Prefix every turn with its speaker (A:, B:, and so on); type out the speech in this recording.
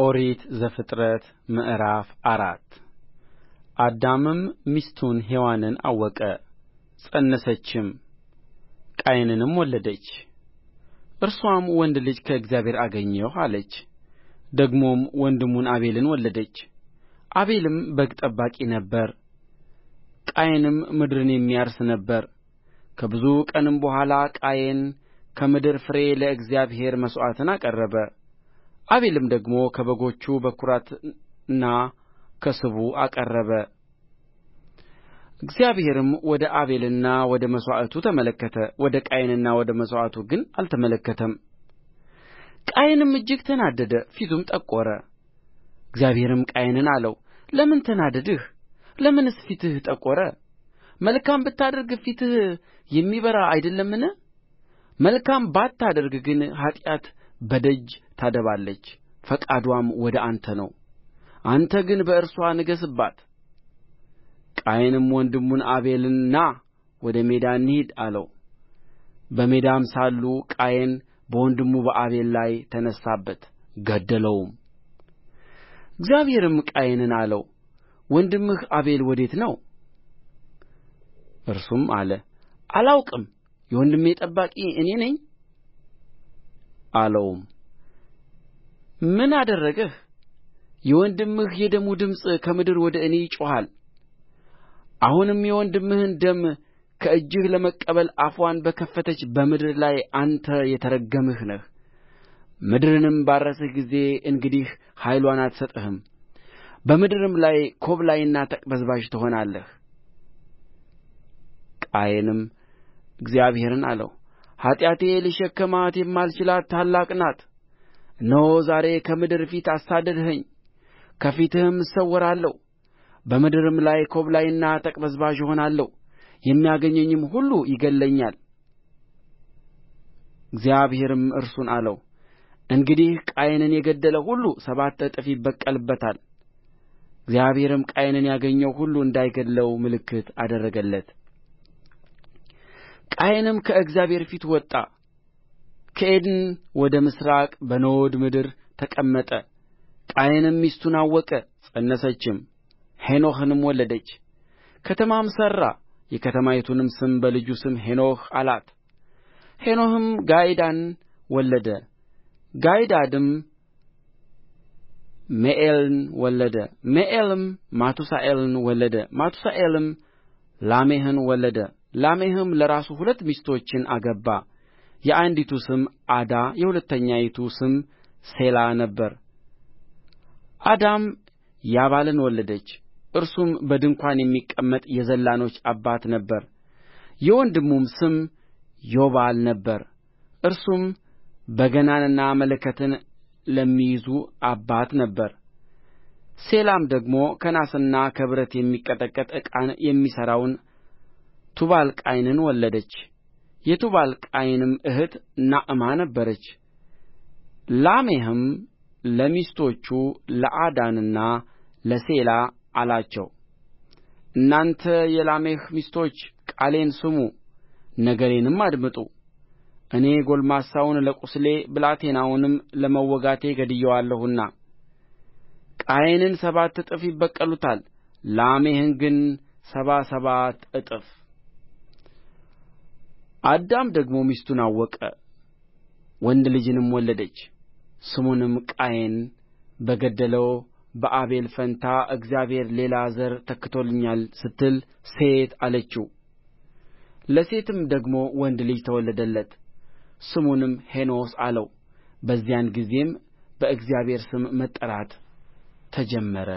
A: ኦሪት ዘፍጥረት ምዕራፍ አራት አዳምም ሚስቱን ሔዋንን አወቀ ፀነሰችም ቃየንንም ወለደች እርስዋም ወንድ ልጅ ከእግዚአብሔር አገኘሁ አለች ደግሞም ወንድሙን አቤልን ወለደች አቤልም በግ ጠባቂ ነበረ ቃየንም ምድርን የሚያርስ ነበረ ከብዙ ቀንም በኋላ ቃየን ከምድር ፍሬ ለእግዚአብሔር መሥዋዕትን አቀረበ አቤልም ደግሞ ከበጎቹ በኵራትና ከስቡ አቀረበ እግዚአብሔርም ወደ አቤልና ወደ መሥዋዕቱ ተመለከተ ወደ ቃየንና ወደ መሥዋዕቱ ግን አልተመለከተም ቃየንም እጅግ ተናደደ ፊቱም ጠቆረ እግዚአብሔርም ቃየንን አለው ለምን ተናደድህ ለምንስ ፊትህ ጠቈረ መልካም ብታደርግ ፊትህ የሚበራ አይደለምን መልካም ባታደርግ ግን ኃጢአት በደጅ ታደባለች ፈቃድዋም ወደ አንተ ነው አንተ ግን በእርስዋ ንገሥባት ቃየንም ወንድሙን አቤልን ና ወደ ሜዳ እንሂድ አለው በሜዳም ሳሉ ቃየን በወንድሙ በአቤል ላይ ተነሣበት ገደለውም እግዚአብሔርም ቃየንን አለው ወንድምህ አቤል ወዴት ነው እርሱም አለ አላውቅም የወንድሜ ጠባቂ እኔ ነኝ አለውም ምን አደረግህ የወንድምህ የደሙ ድምፅ ከምድር ወደ እኔ ይጮኻል አሁንም የወንድምህን ደም ከእጅህ ለመቀበል አፍዋን በከፈተች በምድር ላይ አንተ የተረገምህ ነህ ምድርንም ባረስህ ጊዜ እንግዲህ ኃይልዋን አትሰጥህም በምድርም ላይ ኰብላይና ተቅበዝባዥ ትሆናለህ ቃየንም እግዚአብሔርን አለው ኃጢአቴ ልሸከማት የማልችላት ታላቅ ናት እነሆ ዛሬ ከምድር ፊት አሳደድኸኝ ከፊትህም እሰወራለሁ በምድርም ላይ ኰብላይና ተቅበዝባዥ እሆናለሁ የሚያገኘኝም ሁሉ ይገድለኛል እግዚአብሔርም እርሱን አለው እንግዲህ ቃየንን የገደለ ሁሉ ሰባት እጥፍ ይበቀልበታል እግዚአብሔርም ቃየንን ያገኘው ሁሉ እንዳይገድለው ምልክት አደረገለት ቃየንም ከእግዚአብሔር ፊት ወጣ ከዔድን ወደ ምሥራቅ በኖድ ምድር ተቀመጠ ቃየንም ሚስቱን አወቀ ፀነሰችም ሄኖሕንም ወለደች ከተማም ሠራ የከተማይቱንም ስም በልጁ ስም ሄኖሕ አላት ሄኖሕም ጋይዳድን ወለደ ጋይዳድም ሜኤልን ወለደ ሜኤልም ማቱሣኤልን ወለደ ማቱሣኤልም ላሜሕን ወለደ ላሜሕም ለራሱ ሁለት ሚስቶችን አገባ የአንዲቱ ስም ዓዳ የሁለተኛይቱ ስም ሴላ ነበረ ዓዳም ያባልን ወለደች እርሱም በድንኳን የሚቀመጥ የዘላኖች አባት ነበረ የወንድሙም ስም ዩባል ነበረ እርሱም በገናንና መለከትን ለሚይዙ አባት ነበረ ሴላም ደግሞ ከናስና ከብረት የሚቀጠቀጥ ዕቃን የሚሠራውን ቱባልቃይንን ወለደች የቱባልቃይንም እኅት ናዕማ ነበረች ላሜሕም ለሚስቶቹ ለዓዳና ለሴላ አላቸው እናንተ የላሜሕ ሚስቶች ቃሌን ስሙ ነገሬንም አድምጡ እኔ ጕልማሳውን ለቍስሌ ብላቴናውንም ለመወጋቴ ገድዬዋለሁና ቃየንን ሰባት እጥፍ ይበቀሉታል ላሜሕን ግን ሰባ ሰባት እጥፍ አዳም ደግሞ ሚስቱን አወቀ ወንድ ልጅንም ወለደች ስሙንም ቃየን በገደለው በአቤል ፋንታ እግዚአብሔር ሌላ ዘር ተክቶልኛል ስትል ሴት አለችው ለሴትም ደግሞ ወንድ ልጅ ተወለደለት ስሙንም ሄኖስ አለው በዚያን ጊዜም በእግዚአብሔር ስም መጠራት ተጀመረ